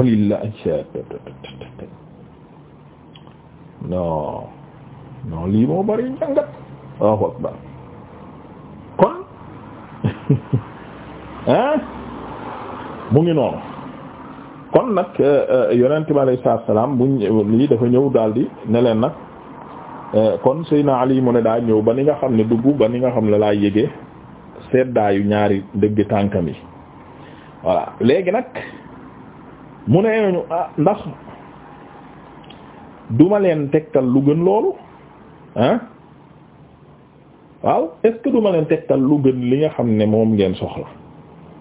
walillah non non lii moo bari njàngat kon ah mu ngi noonu kon nag euh, euh, yonent bi alayhi salaatu salaam buñ lii dafa ñëw daldi ne leen nag euh, kon Seydina Ali mu ne daa ñëw ba ni nga xam ne dugg ba ni nga xam ne laa yëgee seddaayu ñaari dëgg tànkam yi voilà léegi nag. mu ne ñu ah ndax duma leen tegtal lu gën loolu ah waaw est-ce que duma leen tegtal lu gën li nga xam ne moom ngeen soxla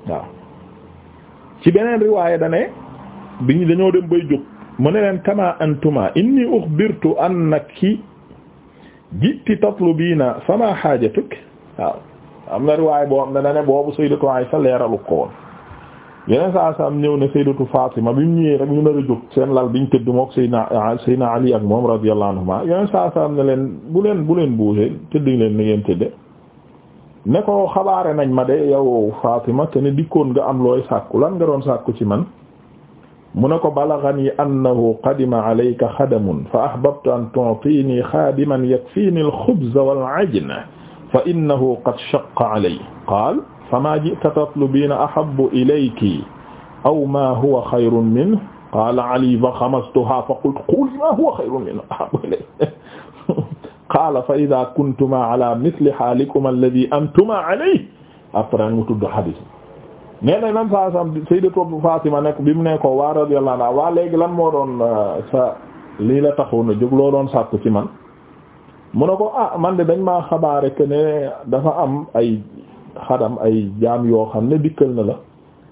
waaw ci beneen riwaaye dane bi ñu dañoo dem bay jóg mu ne leen kama antuma inni ukhbirtu annaki jitti tatlubina fama hajatuk waaw am na riwaaye boo am ne dane boobu sayyidatu Aisha leeralu ko yeneen saa saam ñëw ne sayyidatu Fatima bi mu ñëwee rek ñu nar a seen lal biñ tëdd mook Seydina ah, Seydina Ali ak moom radiyallahu anhuma yeneen saa saam ne leen bu leen bu leen bougé tëdd leen ni ngeen tëdde ne ko xabaare nañ ma de yow Fatima te ne dikkoon nga am looy sàkku lan nga doon ci man mu ne ko balaghani annahu qadima alayka xadamun fa ahbabtu an tu'tini xadiman yakfini al-khubza wal-'ajna fa innahu qad shaqqa alayya qaal fama jita tatlubiina ahabu ilayki aw ma huwa xayrun min qaala ali fa xamastuha fa qultu quli ma huwa xayrun min ahabu ilayki qaala fa ida kuntuma ala misli haalikuma alladi antuma alayhi après mu tudd hadis nee na nan saa sam sayyidatu Fatima nekk bi mu ne ko waa radiyallahu anha waa léegi lan moo doon euh, sa lii la taxoon a jóg loo doon sàkku ci man mu ne ko ah man de dañ maa xabaare que ne dafa am ay xadam ay jaam yoo xam ne dikkal na la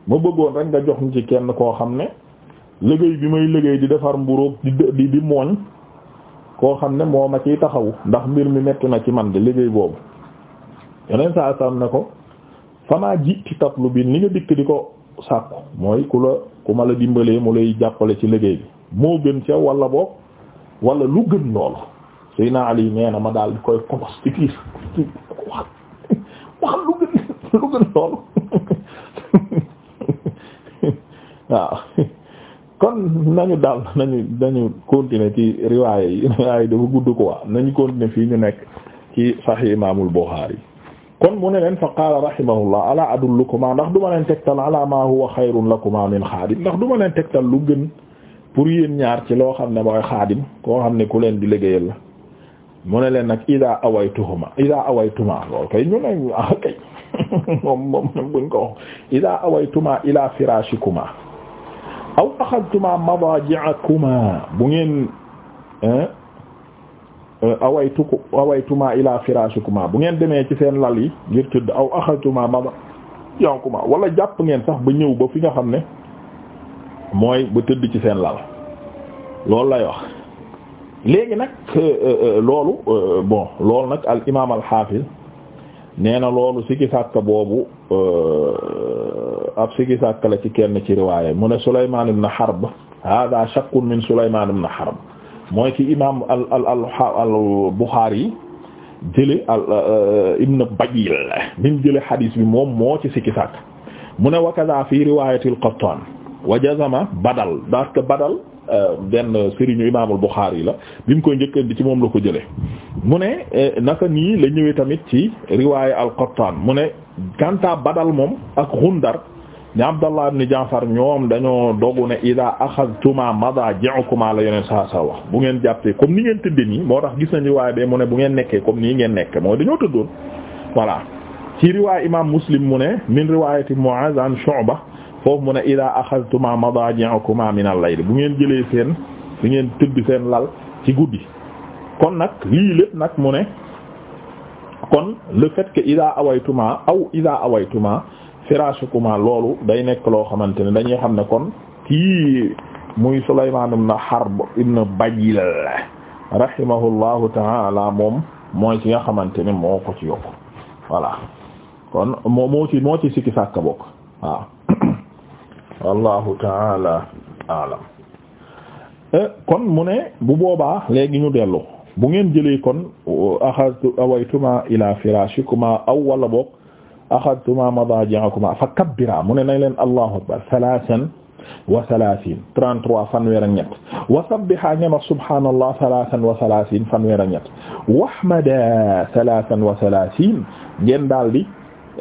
ma bëggoon rek nga jox ñu ci kenn koo xam ne liggéey bi may liggéey di defar mburoog di di mooñ koo xam ne moo ma ciy taxawu ndax mbir mi nekk na ci man di liggéey boobu yeneen saa sam ne ko famaa ji ci tatlu bi ni nga dikk di ko sàkku mooy ku la ku ma la dimbalee mu lay jàppale ci liggéey bi moo gën ca wala boog wala lu gën loolu Seydina Ali nee na ma daal di koy kobos ci biir wax wax lu lu gën loolu waaw kon nañu daal nañu nañu continuer ci riwaaya yi riwaaya yi dafa gudd quoi nañu continuer fii ñu nekk ci Sahih Imaamul Buxaari kon mu ne leen fa qaala rahimahullah ala adullukumaa ndax duma leen tegtal ala ma huwa xayrun lakumaa min xaadim ndax duma leen tegtal lu gën pour yéen ñaar ci loo xam ne mooy xaadim koo xam ne ku leen di liggéeyal la mu ne leen nag idaa awaytuhuma idaa awaytuma lool kay ñu ne ah moom moom buñ ko wax ida awaytuma ila firashikuma aw axadtuma madaji'akuma bu ngeen euh, awaytuku awaytuma ila firashikuma bu ngeen demee ci seen lal yi ngir tëdd aw axadtuma madaji'akuma wala jàpp ngeen sax ba ñëw ba fi nga xam ne mooy ba tëdd ci seen lal loolu lay wax léegi nag euh, euh, loolu bon loolu nag al imaam al xaafis nee na loolu sikki sàkk boobu euh, ab sikki sàkk la ci kenn ci riwaaya mu ne Sulaymaan ibn Harb hada shakkun min Sulaymaan ibn Harb mooy ci imaam al al al al Buxaari jële al euh, ibn Bajiil bi mu jële xadiis bi moom moo ci sikki sàkk mu ne wa kaza fi riwaayatil Qattaan wa jazama badal parce que badal euh, benn sëriñu imaamul Buxaari la bi mu koy njëkk indi ci moom la ko jële mu ne euh, naka nii la ñëwee tamit ci riwaaya al-Qattaan mu ne kanta badal moom ak Xundar ñi Abdallah ibn Jaafar ñoom dañoo dogu ne ida axadtuma madaaji'ukuma la yeneen saa saa wax bu ngeen jàppee comme ni ngeen tëddee nii moo tax gis nañu riwaaya bee mu ne bu ngeen nekkee comme nii ngeen nekk mooy dañoo tëddoon voilà ci riwaaya imaam Muslim mu ne min riwaayati Mu'aaz an Shu'ba foofu mu ne ida axadtuma madaji'akuma min al-layl bu ngeen jëlee seen bu ngeen tëdd seen lal ci guddi kon nag lii lépp nag mu ne kon le fait que ida awaytuma aw ida awaytuma firashukuma loolu day nekk loo xamante ne dañuy xam ne kon kii muy Sulaymaan ibn Harb ibn Bajil rahimahullahu taala moom mooy ci nga xamante ne moo ko ci yokk voilà kon moo moo ci moo ci sikki sàkk bokk waaw wallahu taala alam eh, kon mu ne bu boobaa léegi ñu dellu bu ngeen jëlee kon axadtu awaytuma ila firashikuma aw wala boog axadtuma madaji'akuma fa kabbira mu ne nañ leen allahu akbar salasan wa salasin trente-trois fanweer ak ñett wa sabbiha ngeen wax subhaanallah salasan wa salasin fanweer ak ñett wahmada salasan wa salasin ngeen daal di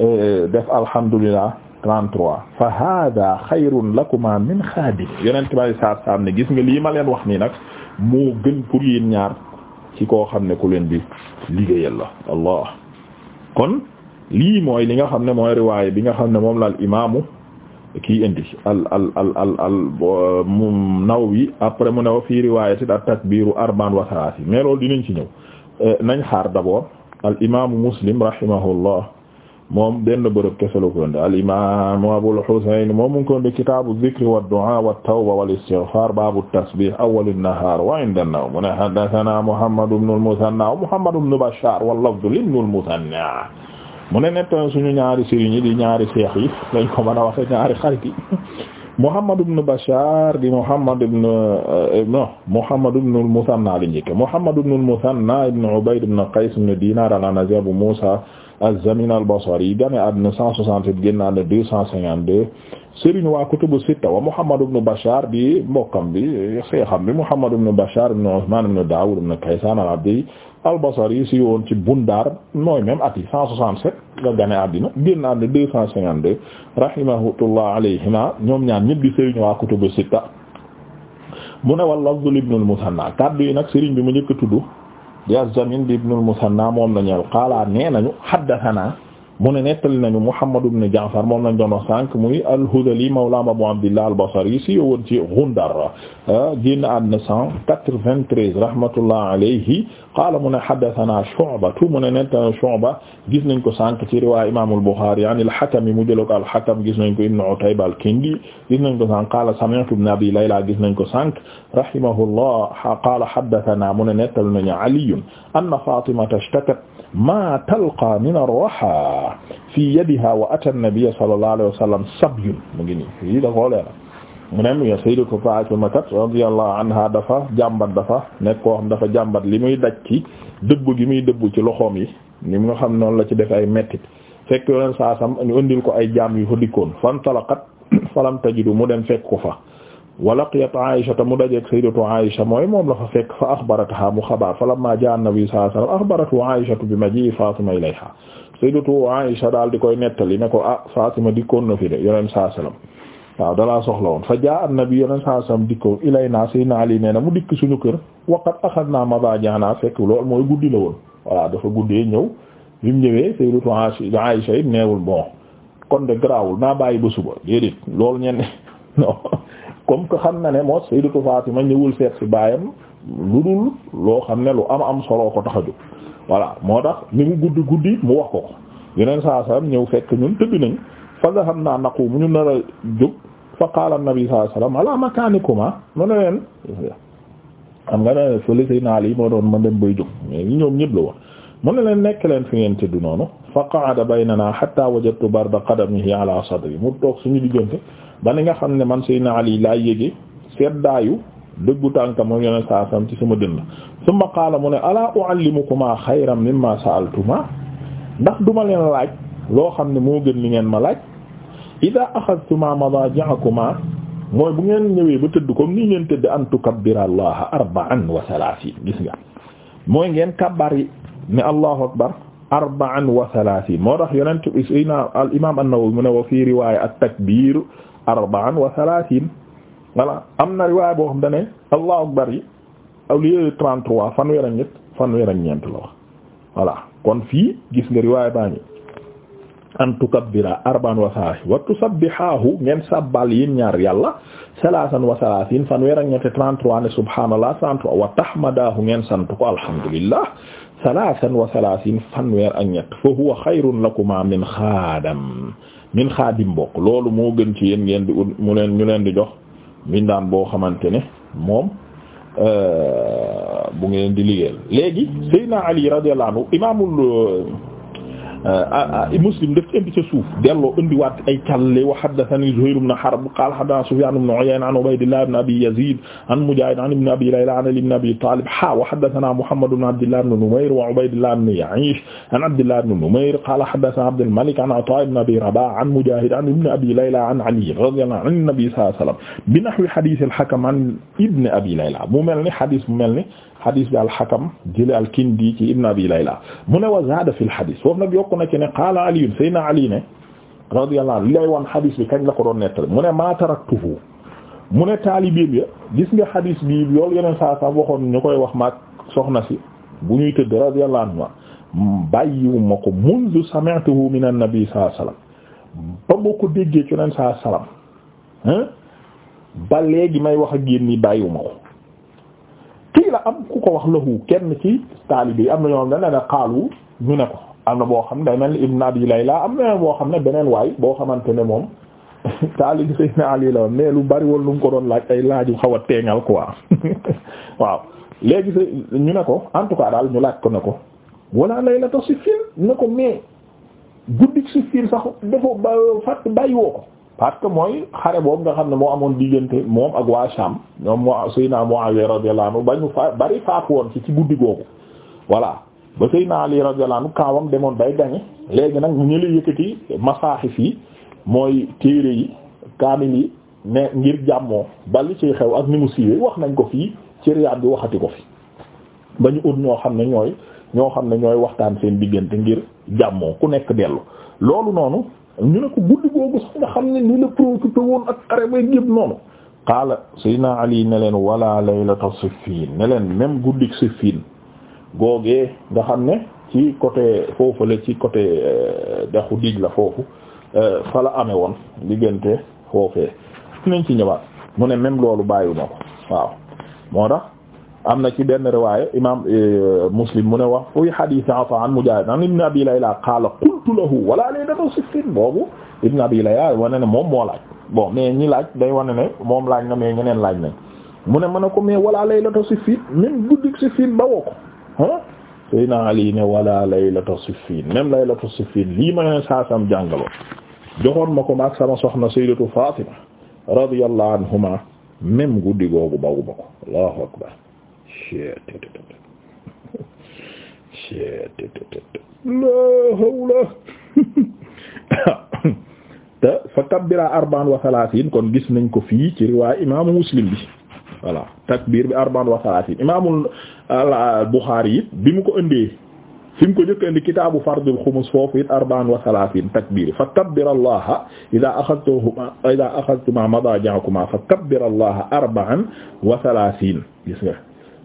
eh, def alhamdulillah 33 fa hada xayrun lakuma min xaadim yonent bi alei salaatu salaam gis nga lii ma leen wax nii nag moo gën pour yéen ñaar ci koo xam ne ku leen di liggéeyal la allah kon lii mooy li nga xam ne mooy bi nga xam ne moom la al imaamu kii indi al al al al al Nawawi après mu new fii riwaayatin at-takbiiru arba'an wa salaasiin nañ ci ñëw euh, nañ xaar d'abord al imaamu Muslim rahimahullah moom benn bërëb kese la ko indi al imaam Abul Husayn moom mu ngi ko indi kitaabu zikri wa du'aa wa tawba wal istighfaar baabu tasbiih awwal an-nahaar wa inda an-nawm mu ne haddasanaa Muhammad ibn al-Musanna wa Muhammad ibn Bashaar wal lafzu li ibn al-Musanna mu ne nettan suñu ñaari sëriñ yi di ñaari seex yi lañ ko mën a waxe ñaari xarit yi Muhammad ibn Bashaar di Muhammad ibn eh, non Muhammad ibn al-Musanna li njëkk Muhammad ibn al-Musanna ibn Ubayd ibn Qays ibn Diinaar al-Anazi Abu Muusaa az-Zamin al-Basri gane àdduna 168 génn àdduna 252 sëriñ waa kutubu sitta wa Muhammad ibn Bashar bi mbokkam bi seexam bi Muhammad ibn Bashar ibn Usman ibn Dawud ibn Kaysan al-Abdi al-Basri si woon ci Bundar mooy même at yi 167 nga gane àddina génn àdduna 252 rahimahullah alayhima ñoom ñaar ñëpp di waa kutubu sitta mu ne wal lafzu ibn al-Muthanna kaddu yi nag sëriñ bi mu njëkk a di az-Zamin di ibn al-Musanna moom la ñeel qaala nee nañu haddathana mu ne nettali nañu Muhammad ibn Ja'far moom lañ doon wax sànq muy al-Hudhali mawla Abu Abdillah al-Basri si yowoon ci Ghundar ah génn àdduna 193 rahmatullah alayhi qaala mu ne haddathana Shu'ba mu ne nettana Shu'ba gis nañ ko sànq ci riwaaya Imaam al-Bukhari an al-Hakam mu jël ko al-Hakam gis nañ ko Ibn Utayba al-Kindi gis nañ ko sànq qaala sami'tu Ibn Abi Layla gis nañ ko sànq rahimahullah qaala haddathana mu ne nettal nañu Ali anna Fatimata ishtakat ma talqa min ar-raha fi yadiha wa ata an-nabiy sallallahu alayhi wa sallam sabyun mu ngi nii mu ne mi sayyidatu Fatima kat radiyallahu anha dafa jàmbat dafa nekk koo xam dafa jàmbat li muy daj ci dëbb gi muy dëbb ci loxoom yi ni mu nga xam noonu la ci def ay mettit fekk yoneen saasam ñu indil ko ay jaam yu fa dikkoon fantalaqat falam tajidu mu dem fekk ko fa wa laqiyat Aïsha ta mu dajeek sayyidatu Aïsha mooy moom la fa fekk fa axbarataha mu xabaar falamma jaa an-nabi sallallahu alayhi wasallam axbaratu Aïsha bi maji Fatima di koy nettali ne ko ah Fatima dikkoon na fi de yoneen saasam waaw dalaa soxla woon fa jaa na bi annabi yoneen saa sam dikko ilayna sayna ali nee na mu dikk suñu kër waqat axadna madajana fekk lool mooy guddi la woon voilà dafa guddee ñëw bi mu ñëwee sayyidatu Aisha neewul bon kon de garaawul naa bàyyi ba suba déedéet loolu que xam na ne moo sayyidatu Fatima ñëwul seet ci baayam lu dul loo xam ne lu am am solo ko tax a jóg voilà moo tax ni mu guddi guddi mu wax ko ko yeneen saa sam ñëw fekk ñun tëdd nañ fa dhahabna naqumu ñu nar a jóg fa qaala an-nabi sallallahu alayhi wasallam ala makanikuma ah, mu ne leen xam nga ne fële Seydina Ali moo doon ma dem bay jóg mais ñoom ñëpp la woon mu ne leen nekk leen fi ngeen tëdd noonu fa qa'ada baynana hatta wajadtu barda qadamihi ala sadri mu toog suñu diggante ba ni nga xam ne man Seydina Ali laa yége seddaayu dëggu tànka moom yeneen saa sam ci sama dënn summa qaala mu ne ala u'allimukuma xayran mimma sa'altuma ndax duma leen laaj loo xam ne moo gën li ngeen ma laaj ida axadtuma madaaji'akuma mooy bu ngeen ñëwee ba tëdd comme nii ngeen tëdd an tukabbira allaha arba'an wa thalathin gis nga mooy ngeen kabbar yi ne allahu akbar arba'an wa thalathin moo tax yonent sina al imam an-Nawawi mu ne wa fii riwaya at-takbir arba'an wa am na riwaaya boo xam da ne allahu akbar yi au lieu 33 fanweer ak ñett fanweer ak la wax voilà kon fii gis nga riwaaya baa ngi an tukabbira arba'an wa salaasi wa tusabbihaahu ngeen sabbal yéen ñaar yàlla salaasan wa salaasiin fanweer ak ñetti 33 ne subhaanallah 33 wa tahmadaahu ngeen sant ko alhamdulillah salaasan wa salaasiin fanweer ak ñett fa huwa xayrun lakuma min xaadam min xaadim bokk loolu moo gën ci yéen ngeen di ut mu leen ñu leen di jox mbindaan boo xamante ne moom euh, bu ngeen di liggéeyal léegi Seydina Ali radiyallahu anhu imaamul Euh, ah, ah, Muslim daf ci indi ca suuf delloo indiwaat ay càlle wa haddathani Zuhayr ibn Harb qala haddathana Sufyan ibn Uyayna an Ubaydillah ibn Abi Yazid an Mujahid an ibn Abi Layla an Ali ibn Abi Talib ha wa haddathana Muhammad ibn Abdillah ibn Numayr wa Ubaydillah ibn Ya'ish an Abdillah ibn Numayr qala haddathana Abd al-Malik an Ata ibn Abi Rabah an Mujahid an ibn Abi Layla an Ali radiyallahu anhu an-nabi sallallahu alayhi wa sallam bi nahwi hadith al-Hakam an ibn Abi Layla mu mel ni hadith mu mel ni hadith bi al-Hakam jële al-Kindi ci ibn Abi Layla mu ne wa zada fi al-hadith bokk na ne qaala aliyun sayna ali ne radiyallahu anhu li lay wan xadis bi kañ la ko doon nettali mu ne maa taraktuhu mu ne taalibiim ya gis nga xadis bi loolu yeneen saa saa waxoon ñu koy wax maag soxna si bu ñuy tëdd radiyallahu anhu bàyyiwuma ko mundu sami'tuhu min an-nabi sallallahu ba boo ko déggee ci yeneen saa salaam ba léegi may wax ak yéen nii bàyyiwuma ko kii la am ku ko wax lahu kenn ci taalibe am na ñoo xam ne ne xaalu ñu ne ko am na boo xam ne day mel ni Ibn Abi Layla am na boo xam ne beneen waay boo xamante ne moom taalibi Seydina Ali la mais lu bari woon lu mu ko doon laaj ay laaj yu xaw a teeŋal ko waaw léegi ñu ne ko en tout cas daal ñu laaj ko ne ko walla laylatu siffiin ne ko mais guddik siffiin sax dafa ba fàtt bàyyi woo ko parce mooy xare boobu nga xam ne moo amoon diggante moom ak waa Sham ñoom moo Seydina Muawiya radiyallahu anhu ba ñu fa bari faatu woon ci ci guddi googu voilà ba Seydina Ali radiyallahu anhu kaawam demoon bay gañe léegi nag ñu la yëkkati masaaxif fii mooy téere yi kaamil yi ne ngir jàmmoo ba ci xew ak ni mu siiwee wax nañ ko fii ci Riyad bi waxati ko fi ba ñu ut ñoo xam ne ñooy ñoo xam ne ñooy waxtaan seen diggante ngir jàmmoo ku nekk dellu loolu noonu ñu ne ko guddi googu sax nga xam ne ni la profité woon ak xare bay gépp noonu qaala Seydina Ali ne leen wala laylata Siffin ne leen même guddik Siffin googee nga xam ne ci côté foofu la ci côté euh, dexu diig la foofu euh, fa la amee woon diggante foofee nañ ci mu ne même loolu bàyyi na ko waaw moo tax am na ci benn riwaaya imaam euh, muslim mu ne wax fuy hadith afa an mujaahid an ibn abi layla qaala qultu la wala laylatu sittin boobu ibn abi layla wane ne moom moo laaj bon mais ñi laaj day wane ne moom laaj na me ñeneen laaj nañ mu ne mën a ko mais wala laylatu sittin même guddi sittin ba woo Seydina Ali ne wala laylatu Siffin même lii ma ne saasam jàngaloon joxoon ma ko ma ak sama soxna Sayyidatu Fatima radiyallahu anhuma même guddi googu bawu ba ko Allahu akbar la hawla te fa kabbira arba'an wa thalathin kon gis nañ ko fii ci riwaay imaamu Muslim bi voilà takbir bi arba'un wa salaasin euh, bi mu ko indee fi mu ko njëkk a indi kitaabu fardil xumus foofu it arba'un wa salaasin takbir fakabbir allaha idaa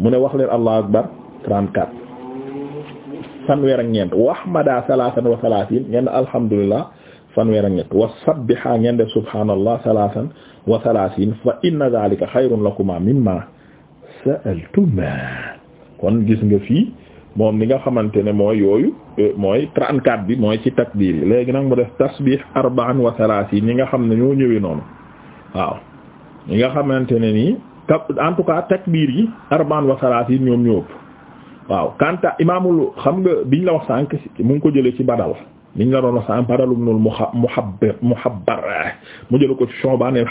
mu ne wax leen allahu akbar 34 fanweer ak ñeent wahmada salaasan wa salaasin ngeen alhamdulillah fanweer ak ñeent wa wa thalathin fa inna dhalika khayrun lakuma mimma sa'altuma kon gis nga fii moom li nga xamante ne mooy yooyu eh, mooy 34 bi mooy ci takbir yi léegi nag mu def tasbih arba'an wa ni nga xam ne ñoo ñëwee noonu waaw ñi nga xamante ne nii en tout yi arban wa thalathin ñoom ñoo ëpp waaw kanta imaamul xam nga biñ la wax sànq mu ngi ko jëlee ci badal liñ la doon wax sànq Badal ibn al-Muhabbar Muhabbar mu mu jël ko ci Shu'ban al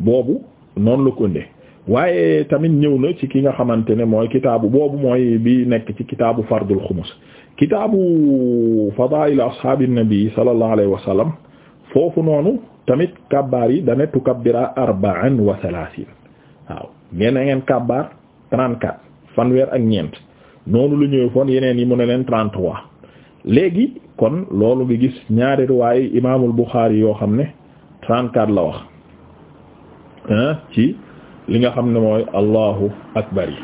boobu noonu la ko indee waaye tamit ñëw na ci ki nga xamante ne mooy kitaabu boobu mooy bi nekk ci kitaabu Fardul Xumus kitaabu Fadaa'il ashaabi nabi sallallahu alayhi wa sallam foofu noonu tamit kabbaar yi da ne tukabbira arba'an wa thalathin waaw ngeen na ngeen kabbaar fanweer ak ñeent noonu la ñëwee foon yeneen yi mu ne leen 33. léegi kon loolu nga gis ñaari riwaayu imaamul Buxaari yoo xam ne 34 la wax ci li nga xam ne mooy allahu akbar yi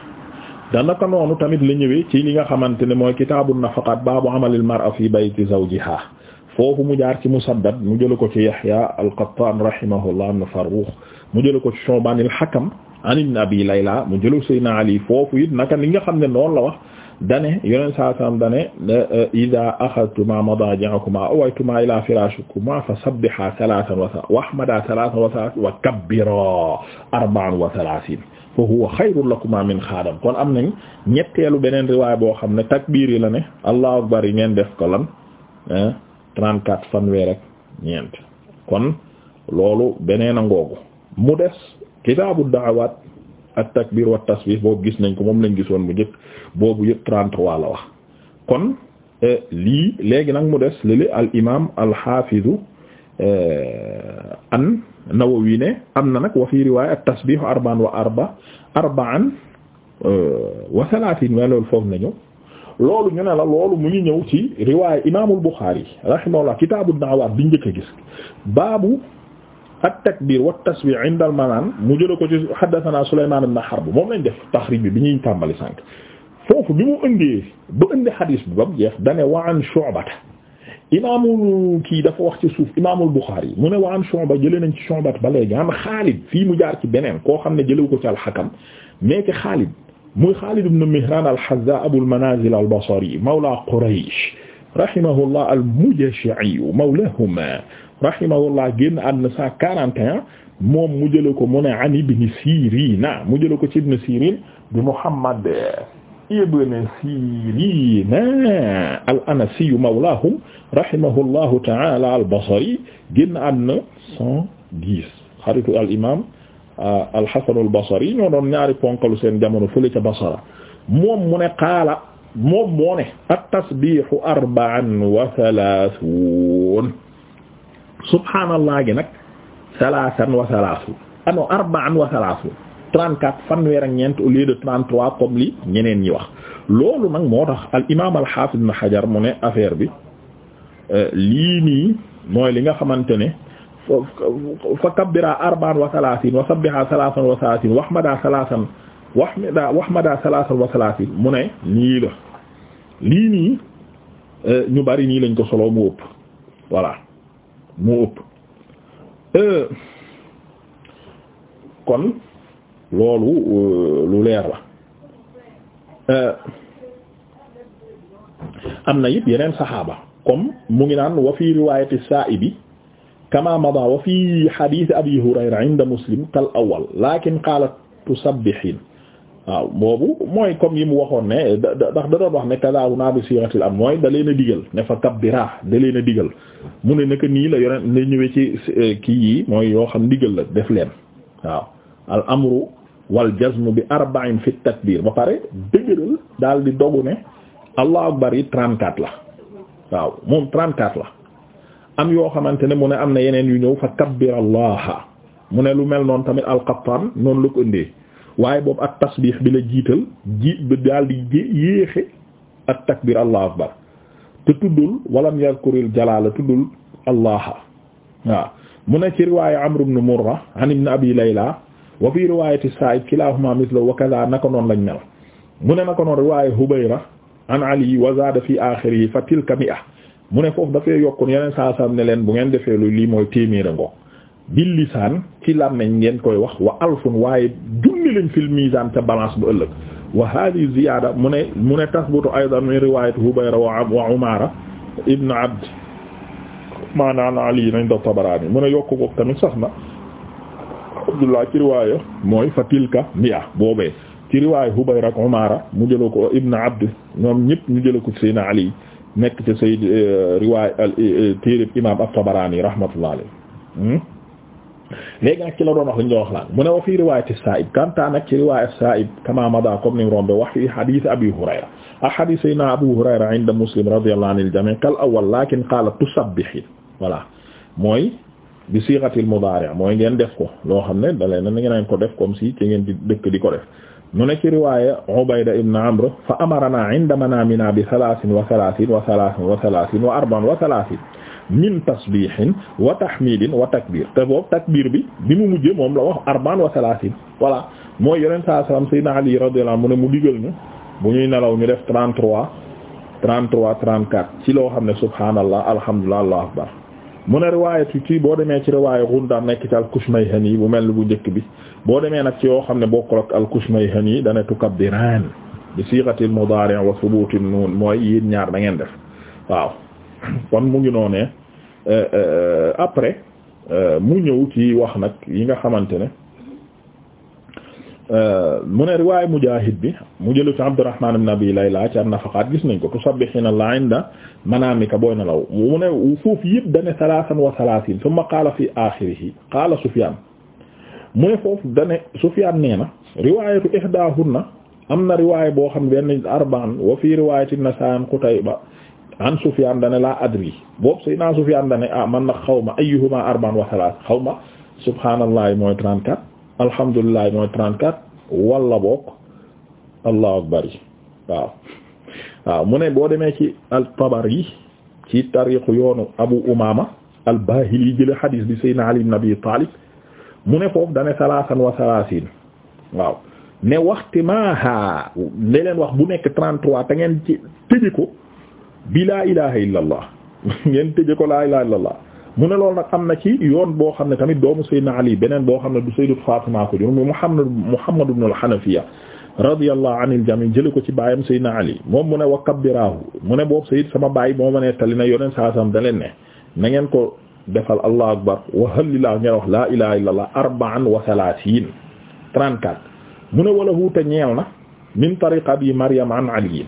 danaka noonu tamit la ñëwee ci li nga xamante ne mooy kitaabu nafaqaat baabu amalil mar'a fi bayti zawjiha foofu mu jaar ci musaddad mu jëla ko ci yahya al-qattan rahimahullah ibn farrukh mu jëla ko ci shuban al-hakam an ibn abi layla mu jëla sayna ali foofu it naka li nga xam ne noonu la wax dane yoneen saa saam dane e, ida axadtuma madaji'akuma awaytuma ila firashikuma fa sabbiha salatan wa wa ahmada salatan wa salasin wa kabbira arba'an wa lakuma min xaadam kon am nañ ñetteelu beneen riwaay boo xam ne takbiir yi la ne allahu akbar yi ngeen def ko lan 34 eh, fanweer ak kon loolu beneen a ngoogu mu des at wa tasbih boobu gis nañ ko moom lañ gisoon mu njëkk boobu yëpp 33 la wax kon eh, lii léegi nag mu des lili al imaam al xaafizu eh, an Nawawi ne am na nag wa fi riwaaya at-tasbih arba'an wa arba arba'an eh, wa thalathin waaye loolu foofu nañu loolu ñu ne la loolu mu ngi ñëw ci riwaaya imaamul Buxaari rahimahullah kitaabu da'awaat bi njëkk a gis baabu at-takbir wa tasbih inda al-manam mu jëla ko ci haddathana Sulayman ibn Harb moom lañ def taxrij bi bi ñuy tàmbali sànq foofu bi mu ëndee ba ëndi xadis bi ba mu jeex dane wa an Shu'bata imaamul kii dafa wax ci suuf imaamul Buxaari mu ne wa an Shu'ba jëlee nañ ci Shu'ba ba léegi an Xaalid fii mu jaar ci beneen koo xam ne jëlewu ko ci al-Hakam mais ci Xaalid muy Xaalid ibn Mihraan al-Hazza Abul Manaazil al-Basri mawla Quraysh rahimahullah al-Mujashi'i mawlaahum rahimahullah génn àdduna cent quarante et un moom mu jële ko mu ne an ibn Sirina mu jële ko ci ibn Sirin di Muhammad ibn Sirina al-Anasi mawlahum rahimahullahu ta'ala al-Basri génn àdduna cent dix xaritu al-imam euh, al-Hasan al-Basri ñoo doon ñaari ponkalu seen jamono fële ca Basra moom mu ne qaala moom moo ne at-tasbihu arba'an wa thalathun subhaanallah gi nag salaasan wa salaasu ano ah arba'an wa salaasu 34 fanweer ak ñeent au lieu de 33 comme li ñeneen ñi wax loolu nag moo tax al imaam al xaafis ibn Hajar mu ne affaire bi euh, lii nii mooy li nga xamante ne fa kabbira arba'an wa salaasin wa sabbiha salaasan wa salaasin wahmada salaasan mu ne nii la lii nii euh, ñu bari nii lañ ko solo mu ëpp voilà moo ëpp euh, kon loolu euh, lu leer la euh, am na it yeneen saxaaba comme mu ngi naan wa fi riwaayati saa'ibi kama mada wa fi xadiisi abi hurayra inda muslim kal awwal lakin qaalat tusabbihiin waaw boobu mooy comme yi mu waxoon ne da ndax da doon wax ne kadaawu naa bi siratil am mooy da leen a digal ne fa kabbira da leen a digal mu ne naka nii la yonent na ñëwee ci eh, kii yi mooy yoo xam digal la def leen waaw al amru wal jazm bi arba'in fi takbir ba pare dëgëral daal di dogu ne allahu akbar yi 34 la waaw moom 34 la am yoo xamante ne mu ne am na yeneen yu ñëw fa kabbir allah mu ne lu mel noonu tamit al qattan noonu la ko indee waaye boobu ak tasbih bi la jiital ji daal di yéexe ak takbir allah akbar te tuddul walam yadhkuril jalaala tuddul allaha waaw mu ne ci riwaaya amr ibn murra an ibn abi layla wa fi riwaayati sa'id kilahuma mithlu wa naka noon lañ mel mu ne naka noonu riwaaya hubayra an ali wa zaada fi aaxiri fa tilka mi'a mu ne foofu dafay yokkoon yeneen saa ne leen bu ngeen defee lu lii mooy téeméer a bil lisaan ci làmmeñ ngeen koy wax wa alfun waaye junni lañ fil mizaan ca balance bu ëllëg wa hadi ziyaada mu ne mu ne tasbutu aydan min riwayat Hubayra wa Umaara ibn Abd maanaan Ali inda Tabaraani mu ne yokk ko tamit sax na Abdullah ci riwaaya mooy fa tilka miya boobee ci riwaaya Hubayra ak Umaara mu jëla ko ibn Abd ñoom ñëpp ñu jëla ko Seydina Ali nekk ca sayd riwaaya téeréb imam at-Tabaraani rahmatullahi alayhi hmm? léegi nag ci la doon wax li ñu wax laan mu ne wa fii riwaayati Saa'ib kanta nag ci riwaayati Saa'ib kama mada comme ni rombe wax fi hadith Abi Hurayra ak hadith sayna Abu Hurayra inda Muslim radiyallahu anil jami' kal awwal lakin qaala tusabbihin voilà mooy bi siixatil mudaari' mooy ngeen def ko loo xam ne dalee na ngeen ko def comme si ci ngeen di dëkk di ko def mu ne ci riwaaya Ubayda ibn Amr fa amarna inda manaamina bi thalaasin wa thalaasin wa thalaasin wa thalaasin wa arba'in wa thalaasin min tasbihin wa tahmidin wa takbir te boobu takbir bi bi mu mujjee moom la wax arbaan wa salaasin voilà mooy yeneen saa salaam sayyidina Ali radiyallahu anhu mu ne mu digal ñu bu ñuy nelaw ñu def 33 33 34 ci loo xam ne subhaanallah alhamdulillah allahu akbar mu ne riwaayatu ci boo demee ci riwaaya Ghundar nekk ci al-Kushmayhani bu mel ni bu njëkk bi boo demee nag ci yoo xam ne bokkul ak al-Kushmayhani dane tukabbiraan bi siixatil mudaari' wa subuutin nuun mooy ñaar da ngeen def waaw kon mu ngi noonee euh, euh, après euh, mu ñëw ci wax nag yi nga xamante ne mu ne riwaayu Mujaahid bi mu jëlu ci Abdurrahmaan ibn Abi Layla ci an-nafaqaat gis nañ ko tusabbihiina Allaha inda manaamika booy nelaw mu ne foofu yëpp dane salaasan wa salaasiin summa qaala fi aaxirihi qaala Sufyaan mu ne foofu dane Sufyaan nee na riwaayatu ihdaahunna am na riwaay boo xam ne benn arba'an wa fii riwaayati Nasaa'i Qutayba an Sufyaan dane laa adri boobu Seydina Sufyaan dane ah, man nag xaw ma ayyuhuma wa thalath xaw ma subhaanallahi mooy 34 alhamdulillahi mooy 34 wala boog allahu akbar waaw mu ne boo demee ci al-Tabari ci tariqu yoonu Abu Umaama al-Baahili jële xadiis bi Seydina Ali ibn Abi Taalib mu ne foofu dane salaasan wa waaw ne waxti maaha ne leen wax bu nekk 33 te ngeen ci bi laa ilaha illa allah ngeen tëje ko laa ilaha illa allah mu ne loolu nag am na ci yoon boo xam ne tamit doomu Seydina Ali beneen boo xam ne du Sayyidatu Fatima ko jur mu Muhammad Muhammad ibn al-Hanafiya radiyallahu anil jami jële ko ci baayam Seydina Ali moom mu ne wa kabbiraahu mu ne boobu Sayyid sama baay moo ma nettali na yoneen saa sam na ngeen ko defal allahu akbar wa halilaa ngeen wax laa ilaha illa allah arba'an wa thalathin 34 mu ne wala huuta ñeel na min tariqat yi Maryam an Ali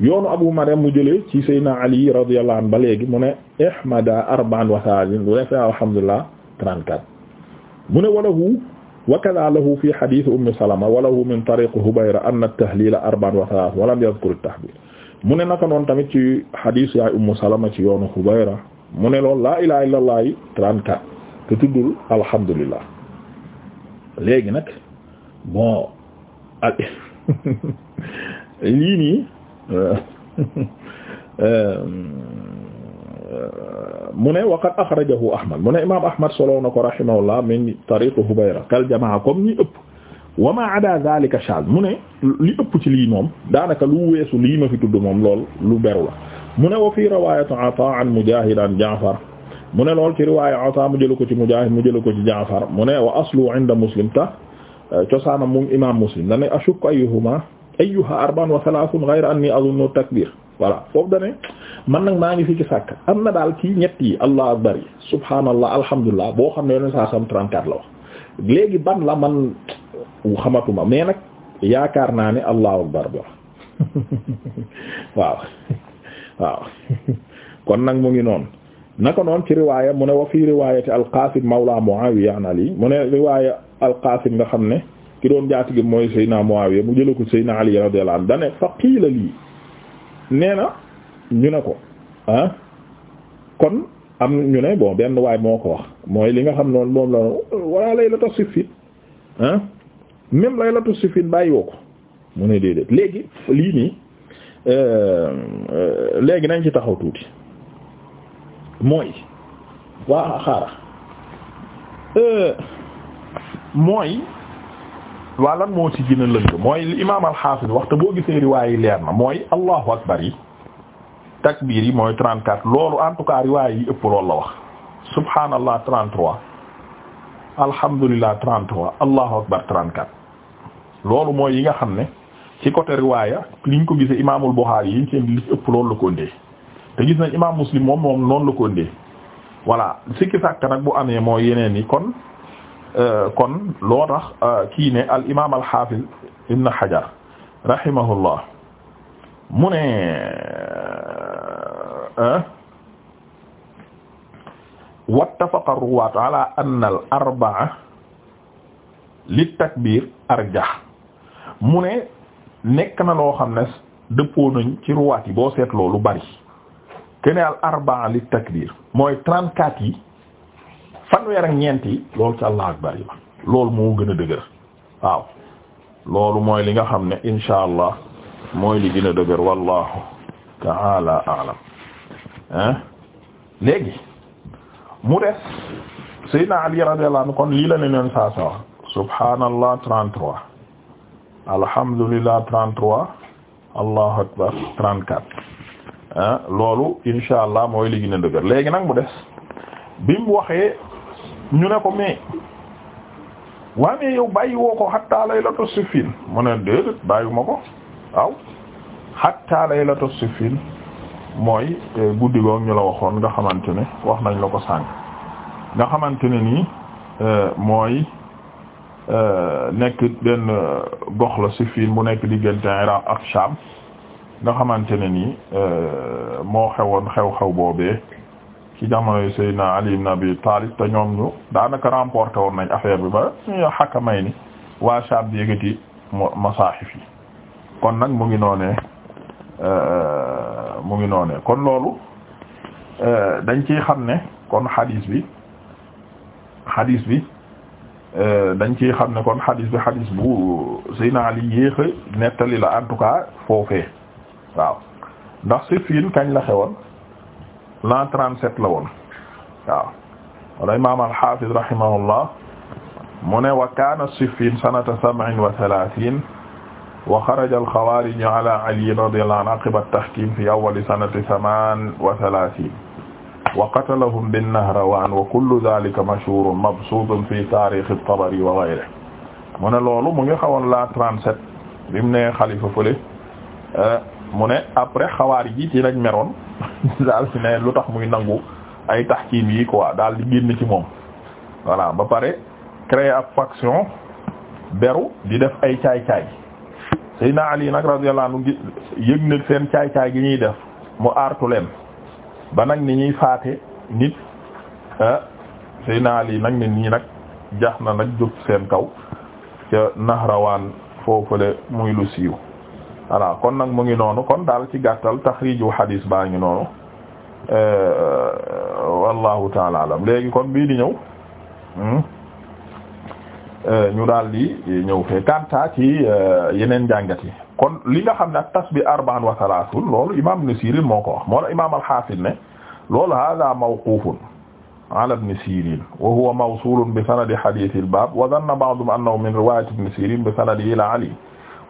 yoonu Abu Maryam mu jëlee ci Seydina Ali radiyallahu anhu ba léegi mu ne ihmada arba'an wa thalin bu defee alhamdulillah 34 mu ne walahu wa kadha lahu fi hadith Umm Salama walahu min tariq Hubayra anna at-tahlila arba'an wa thalathin wa lam yadhkur at-tahbir mu ne naka noonu tamit ci hadith yaay Umm Salama ci yoonu Hubayra mu ne loolu la ilaha illallah 34 te tuddul alhamdulillah léegi nag bon lii nii Euh, euh, mu ne waqad axrajahu Ahmad mu ne imaam Ahmad solo na ko rahimahullah min tariqi Hubayra kal jamaa comme ñi ëpp wa ma ada zalika shaz mu ne li ëpp ci lii moom daanaka lu weesu lii ma fi tudd moom lool lu beru la mu ne wa fii riwayat Ata an Mujahid an Ja'far mu ne lool ci riwaya Ata mu jëla ko ci Mujahid mu jëla ko ci Ja'far mu ne wa aslu inda Muslim ta eh, cosaanam mu imam Muslim dane ashukku ayyuhuma ayyuha arba'un wa thalathun ghayra anni azunnu takbir voilà foofu dane man nag maa ngi fii ci sàkk am na daal ci ñett yi allah akbar yi subhaanallah alhamdulilah boo xam ne yonen saa sam 34 la wax léegi ban la man xamatuma mais nag yaakaar naa ne allahu akbar bi waaw waaw kon nag mu ngi noonu naka noonu ci riwaaya mu ne wa riwaayati alqasim mawla muawiya an ali mu ne riwaaya alqasim nga xam ne ki doon gi mooy Seydina Muawiya mu jëla ko Seydina Ali radiyallahu anhu dane fa qiila lii nee na ñu ne ko ah kon am ñu ne bon benn waay moo ko wax mooy li nga xam noonu moom la wala laylatu siffin ah même laylatu siffin bàyyiwoo ko mu ne déedéet léegi lii nii euh, léegi nañ ci taxaw tuuti mooy waa euh, mooy waa moo ci gën a lëng mooy li imaam al-Hafiz waxtu boo gisee riwaay leer na mooy allahu akbar yi takbiir yi mooy 34 loolu en tout cas riwaay yi ëpp loolu la wax subhaanallah 33 alhamdulillah 33 allahu akbar 34 loolu mooy yi nga xam ne ci côté riwaaya liñ ko gisee imaamul Buxaari yi seen li ëpp loolu la ko ndee te gis nañ imaam Muslim moom moom noonu la ko ndee voilà sikki sàkk nag bu amee moo yeneen yi kon Euh, kon loo tax euh, kii ne al imaam al xaafiz ibn Hajar rahimahullah mu ne euh, wattafaqa ruwaat ala anna al arba'a li takbiir arjah mu ne nekk na loo xam ne dëppoo nañ ci ruwaat yi boo seetloo lu bari kene al arba'a li takbiir mooy trente yi fanweer ak ñeent yi loolu ci allah akbar yi loolu moo gën a dëgër waaw loolu mooy li nga xam ne insha allah mooy li gën a dëgër wallahu taala alam hein mu des Seydina Ali radiyallahu anhu kon lii la ne neen saa sa wax subhaanallah 33 alhamdulillah 33 allahu akbar 34 hein loolu insha mooy li gën a dëgër léegi nag mu des bi mu ñu ne ko mais waa mais yow bàyyi woo ko hatta laylatu siffin mu ne déedéet bàyyiwuma ko waaw hatta laylatu siffin mooy eh, guddi googu ñu la waxoon nga xamante ne wax nañ la ko sànq nga xamante ne nii eh, mooy eh, nekk benn gox la siffin bu nekk diggante Iraq ak Sham nga xamante ne nii moo xewoon xew-xew boobee. ci jamonoy Seydina Ali ibn Abi Talib te ñoom ñu daanaka remporté woon nañ affaire bi ba ñu xakamay ni waa Sham bi yëkkati masaahif yi kon nag mu ngi noonee euh, mu ngi noone kon loolu euh, dañ ci xam ne kon xadis bi xadis bi euh, dañ ciy xam ne kon xadis bi xadis bu Seydina Ali yéex a nettali la en tout cas foofee waaw ndax si fiin kañ la xewoon l'an 37 la woon waaw wala imam al-Hafiz rahimahullah mu ne wa kana Siffin sanata sab'in wa thalathin wa xaraja al-xawaarij ala Ali radiyallahu anhu aqiba at-tahkim fi awwali sanati thaman wa thalathin wa qatalahum bin-Nahrawan wa kullu dhalika mashhurun mabsuutun fi taarikh at-Tabari wa ghayrihi mu ne loolu mu ngi xawoon la 37 bi mu ne xalifa fële eh, mu ne après xawaar yi ci lañ meroon daal ci lu tax muy nangu ay tahkim yi quoi daal di génn ci moom voilà ba pare créer ab faction beru di def ay caay-caay naal yi nag radiyallahu anhu yëg na seen caay-caay gi ñuy def mu aartu leen ba nag ni ñuy faate nit ah naal yi nag ne nii nag jaax na nag jóg seen kaw ca Nahrawaan foofule muy lu siiw voilà kon nag mu ngi noonu kon daal ci gàttal taxriiju xadiis baa ngi noonu euh, wallahu taala alam léegi kon bii di ñëw hmm? euh, ñu daal di ñëw fee kanta ci euh, yeneen njàngat yi kon li nga xam ne ak tasbi arba'an wa salaasun loolu imaam ibn Sirin moo ko wax moo la imaam al-Hafiz ne loolu hada mawqufun ala ibn Sirin wa huwa mawsulun bi sanadi hadith al-bab wa dhanna ba'dhum annahu min riwayat ibn Sirin bi sanadi ila Ali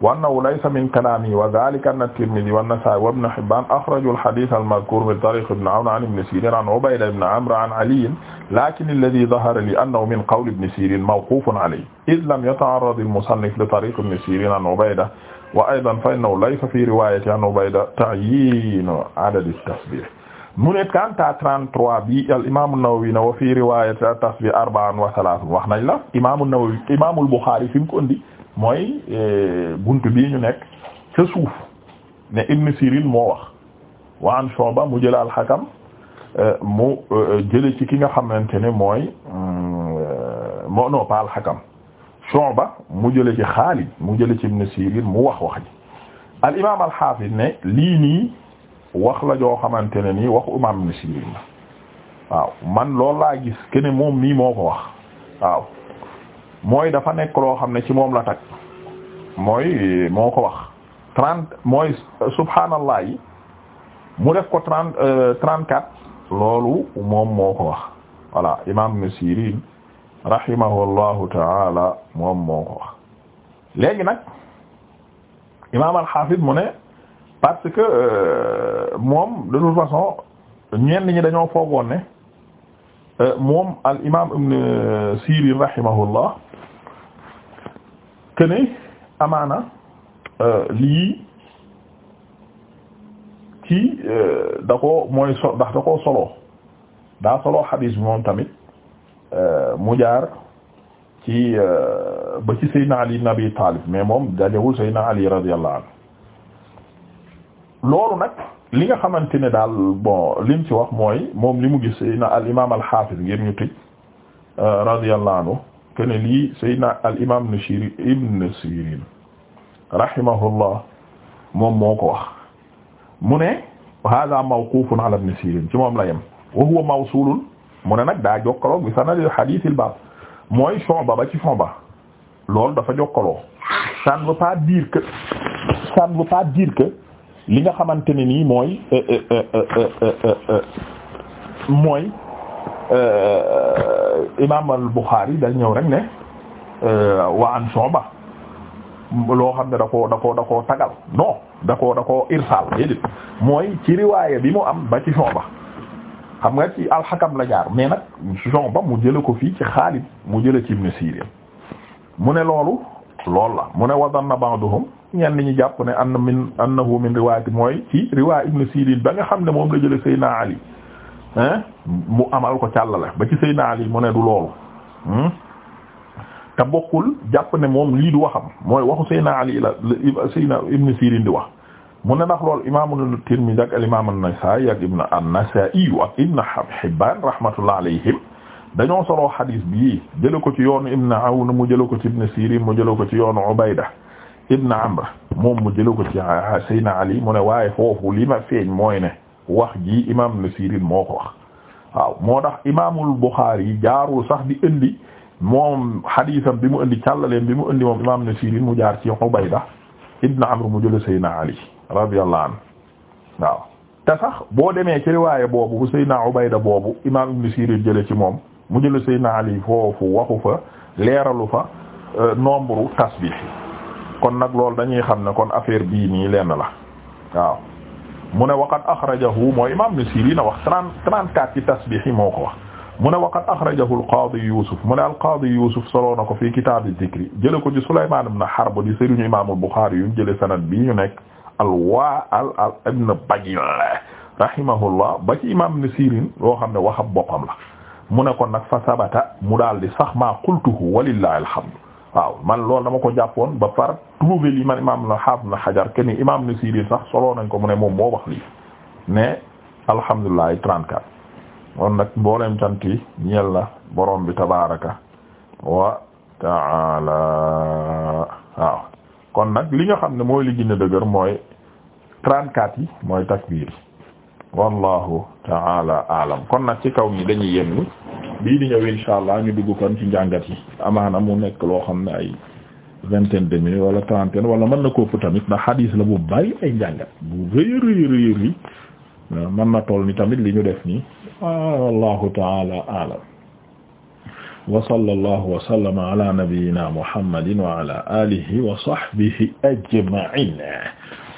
wa annahu laysa min kalaami wa dhaalika anna at-Tirmidhi wa an-Nasaa'i wa Ibn Hibbaan akhrajuu al-hadiith al-madhkuur min tariiq Ibn Awn an Ibn Siriin an Ubayda ibn Amr an Ali laakin alladhii dhahara lii annahu min qawli Ibn Siriin mawquufun alayhi idh lam yata'arrad al-musannif li tariiq Ibn Siriin an Ubayda wa aydan fa innahu laysa fii riwaayatihi an Ubayda ta'yiinu adad at-tasbiih mu ne kanta 33 bi al imam an-Nawawi na wa fii riwaayatihi at-tasbiih arba'un wa thalaathuun wax nañ la imam an-Nawawi imam al-Bukhaari fi mu ko indi mooy euh, bunt bi ñu nekk ca suuf ne Ibn Sirin moo wax wa an Shu'ba mu jële alxakam euh, mu euh, jële ci ki nga xamante ne mooy mo non pas al mu jële ci Xaalid mu jële ci Ibn Sirin mu wax wax ji al imaam al ne lii nii wax la joo xamante ne nii waxu imaam Ibn Sirin la man loolu laa gis que moom mii moo ko wax waaw mooy dafa nekk loo xam ne ci moom la tag mooy moo ko wax trent mooy subhaanallah yi mu def ko trent trente euh, quatre loolu moom moo ko wax voilà imam ibn Sirin rahimahullahu taala moom moo ko wax léegi nag imam al mu ne parce que euh, moom de toute façon ñenn ñi dañoo foogoon ne moom al imaam ibn Sirin rahimahullah kene amaana euh, lii ci euh, da ko mooy so ndax da koo solo daa solo xadiis bi moom tamit euh, mu jaar ci ba ci Seydina Ali ibn Abi Talib mais moom dajewul Seydina Ali radiyallahu anhu lool nag li nga xamante ne daal bon lim ci wax mooy moom li mu gis Seydina al imaam al xaafis ngir ñu tëj euh, radiyallahu anhu que ne lii Seydina al imaam Sirin ibn moom moo ko wax mu ne hada mawqufun ala ibn Sirin ci moom la yem wa huwa mu ne nag daa jokkaloo bi sanad hadith al bab mooy Shu'ba ba ci Shu'ba loolu dafa jokkaloo ça ne veut pas li nga xamante ne nii mooy euh, euh, euh, mooy imaam al-Bukhari da ñëw rek ne wa an Shu'ba loo xam ne da koo da koo da koo tagal non da koo da koo irsaal déedéet mooy ci riwaaya bi mu am ba ci Shu'ba xam nga ci al la jaar mais nag ba mu jële ko fii ci Xaalid mu jële ci mu ne loolu lool la mu ne wadanna ba'duhum ñenn ñi jàpp ne anna min annahu min riwaayati mooy ci riwaay ibn Sirin ba nga xam ne moom la jële Seydina Ali mu amal ko càllale ba ci Seydina Ali mu du loolu hmm? te bokkul jàpp ne moom lii du waxam mooy waxu Seydina Ali la Seydina ibn Sirin di wax mu ne ndax lool imaamu Tirmidhi ak al imaamu Nasaa'i ak ibn an-Nasaa'i ak ibn Hibbaan rahmatullah alayhim dañoo soloo xadis bii jële ko ci yoonu Ibn Awn mu jële ko ci Ibn Sirin mu jële ko ci yoonu Ubayda Ibn Amr moom mu jële ko ci Seydina Ali mu ne waaye foofu li ma feeñ mooy ne wax ji imam Ibn Sirin moo ko wax waaw moo tax imaamul Bukhari jaarul sax di indi moom xadisam bi mu indi càllaleen bi mu indi moom imam Ibn Sirin mu jaar ci Ubayda Ibn Amr mu jële Seydina Ali radiyallahu anhu waaw te sax boo demee ci riwaaye boobu bu Seydina Ubayda boobu imam Ibn Sirin jële ci moom mu jël Seydina Ali foofu waxu fa leeralu fa euh, nombre tasbih kon nag loolu dañuy xam ne kon affaire bii nii lenn la waaw mu ne waqad axrajahu mooy imaam Ibn Sirin wax trente trente quatre ci tasbih yi moo ko wax. a ne waqad axrajahu al-Qaadi Yuusuf mu ne al-Qaadi Yuusuf soloo na ko fii kitaab az-zikri jëlee ko ci Sulaymaan ibn Harb di sëriñu imaamul Buxaari yu jëlee sanad bii ñu nekk al-Waa al al ibn Bajiil rahimahullah ba ci imaam Ibn Sirin loo xam ne wax waxam boppam la. mu ne kon nag fa sabata mu daal di sax ma qultuhu walillahi alhamdu waaw man loolu dama ko jàppoon ba par trouver li man imam na haafid na xajar ken imaam na sirin sax soloo nañ ko mu ne moom moo wax lii ne alhamdulillahi 34 kon nag mboolem cant yi ñeel na borom bi tabaraka wa taala waaw kon nag li nga xam ne mooy li gën dëgër mooy 34 yi mooy takbiir wallahu taala alam kon nag ci kaw ni dañuy yem ni bii di ñëw insha allah ñu dugg ci njàngat yi amaana mu nekk loo xam ne ay vingtaine de minutes wala trentaine wala mën na kopp tamit ndax hadis la bu bari ay njàngat bu rëy rëy rëy ah, mën na toll ni tamit li ñu def nii wallahu taala alam wa sallallahu wa sallama ala nabiyyina muhammadin wa ala alihi wa sahbihi